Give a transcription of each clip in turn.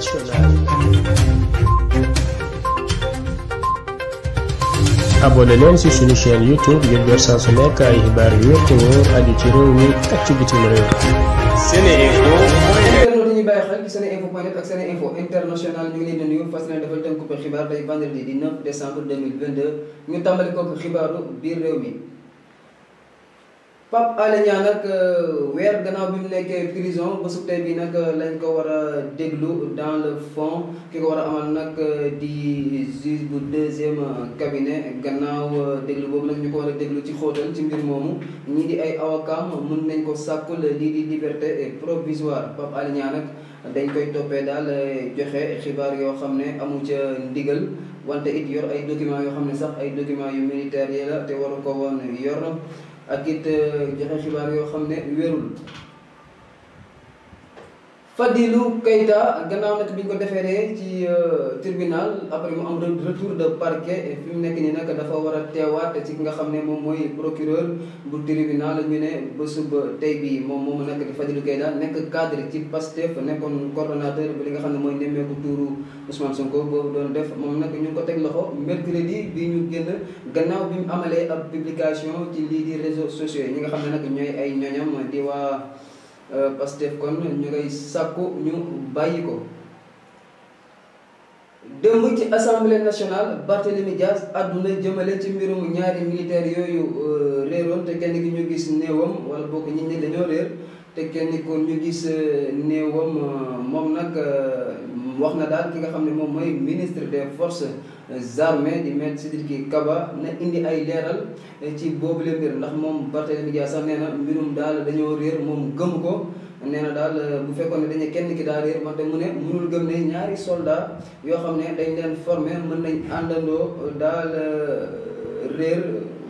internationale. abonné leen ci suñu chaîne youtube ngir jot saa su nekk ay xibaar yu wér te wóor aju ci réew mi ak ci bitim réew. Seneinfo. ñu bàyyi xel ci seneinfo.net ak seneinfo international ñu ngi leen di nuyu fas yéene defal tënku xibaar tey vendredi di 9 décembre 2022 ñu tàmbali kooku xibaaru biir réew mi. Pape Alé Niang nag euh, weer gannaaw bi mu nekkee prison ba su bi nag euh, lañ ko war a déglu dans le fond ki ko war amal nag euh, di juge bu deuxième cabinet gannaaw déglu boobu nag ñu ko war a déglu ci xóotal ci mbir moomu ñi di ay avocat mën nañ ko sàkkul lii di liberté provisoire Pape Alé Niang nag dañ koy toppee daal joxe xibaar yoo xam ne amu ca ndigal wante it yor ay documents yoo xam ne sax ay documents yu militaire yi la te waru ko woon yor ak it eh, joxe xibaar yoo xam ne wérul Fadilou Keita gannaaw nag bi ñu ko defeeree ci euh, tribunal après mu am retour de parquet fi mu nekk nii nag dafa war a teewaat ci ki nga xam ne moom mooy procureur bu tribunal ñu ne bésub tey bii moom moom nag di Fadilou Keita nekk cadre ci Pastef nekkoon coordonnateur bi li nga xam ne mooy nemmeeku tuuru Ousmane Sonko boobu doon def moom nag ñu ngi ko teg loxo mercredi bi ñu génn gannaaw bi mu amalee ab publication ci lii di réseaux sociaux yi ñi nga xam ne nag ñooy ay di Eh, Pastef kon ñu ngay sàkku ñu bàyyi ko dëmm ci assemblée nationale Barthélémy Dias àdduna jëmale ci mbirum ñaari militaire yooyu eh, réeroon te kenn gi ñu gis néewam wala bokk ñi ñi dañoo réer te kenn ko ñu gis euh, néewam euh, moom nag euh, wax na daal ki nga xam ne moom mooy ministre de force armées di maître Sidiki Kaba na indi ay leeral ci boobu le mbir ndax moom Barthélémy Dias sax nee na daal dañoo réer moom gëm ko nee daal bu fekkoon ne dañu kenn ki daal réer wante mu ne mënul gëm ne ñaari soldat yoo xam ne dañ leen formé mën nañ àndandoo daal réer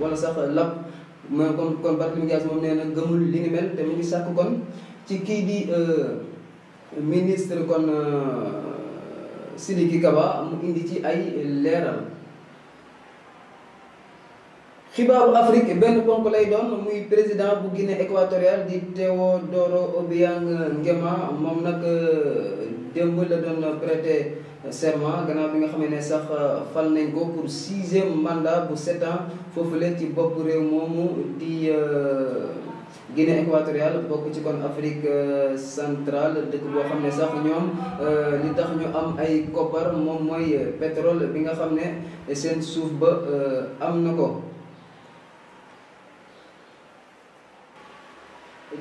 wala sax lapp ma kon kon Barthélémy Dias moom nee gëmul li ni mel te mu ngi sàkk kon ci kii di euh, ministre kon euh, Sidiki Kaba mu indi ci ay leeral xibaaru Afrique benn ponk lay doon muy président bu Guinée équatoriale di Teodoro Obiang Nguema moom nag euh, démb la doon prêter serment gannaaw bi nga xam ne sax euh, fal nañ ko pour sixième mandat bu sept foofu foofule ci bopp réew moomu di euh, Guinée équatoriale bokk ci kon Afrique euh, centrale dëkk boo xam ne sax ñoom li tax ñu am ay koppar moom mooy pétrole bi nga xam ne seen suuf ba am na ko.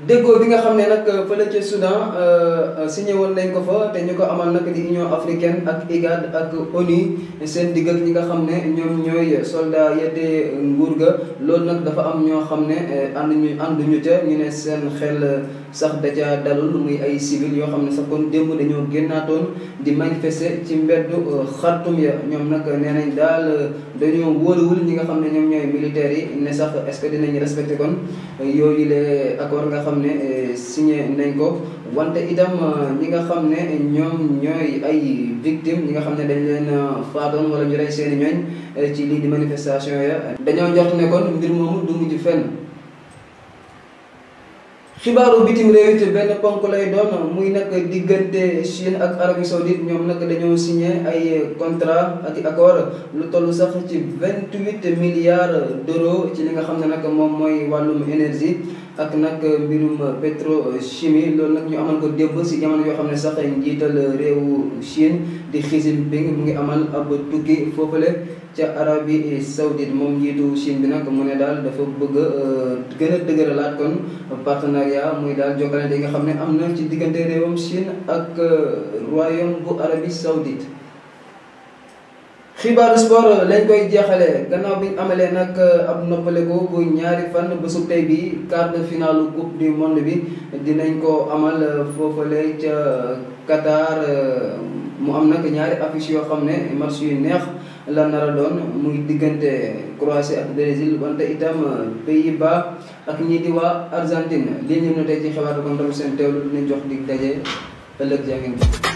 déggoo bi nga xam ne nag euh, fële ca Soudan euh, euh, signé woon nañ ko fa te ñu ko amal nag di Union africaine ak IGAD ak ONU seen digg ak ñi nga xam ne ñoom ñooy soldat yeddee nguur ga loolu nag dafa am ñoo xam ne ànd ñu ànduñu ca ñu ne seen xel. sax da ca dalul muy ay civil yoo xam ne sax kon démb dañoo génnaatoon di manifester ci mbedd euh, xartum ya ñoom nag nee nañ daal euh, dañoo wóoruwul ñi nga xam ne ñoom ñooy militaires yi ne sax est-ce que dinañ respecté kon euh, yooyu les accords nga xam ne signé nañ ko wante itam ñi nga xam ne ñoom ñooy ay victimes ñi nga xam ne dañ leen faatoon wala ñu rey seeni ñooñ ci lii di manifestation ya dañoo njort ne kon mbir moomu du mujj fenn xibaaru bitim réew it benn ponk lay doon muy nag diggante Chine ak Arabie Saoudite ñoom nag dañoo signé ay contrat ak accord lu toll sax ci vingt huit milliards doro ci li nga xam ne nag moom mooy wàllum énergie ak nag mbirum pétrochimie loolu nag ñu amal ko démb si jamono yoo xam ne sax njiital réew Chine di Xi Jinping mu ngi amal ab tukki foofule ca Arabie Saoudite moom njiitu Chine bi nag mu ne daal dafa bëgg a gën kon partenaire partenariat muy daal jokkalante yi nga xam ne am na ci diggante réewam Chine ak euh, royaume bu Arabie Saoudite xibaaru sport lañ koy jeexalee gannaaw bi amalee nag euh, ab noppaleku bu ñaari fan bésub tey bi quart de finale coupe du monde bi dinañ ko amal euh, foofale ca Qatar mu am nag ñaari affiche yoo xam ne match yu neex la nar doon mu ngi diggante Croatie ak Brésil wante itam euh, Pays-Bas ak ñii di waa Argentine lii ñu ne tey ci xibaaru kon tamit seen teewlu dinañ jox dig daje ëllëg jaa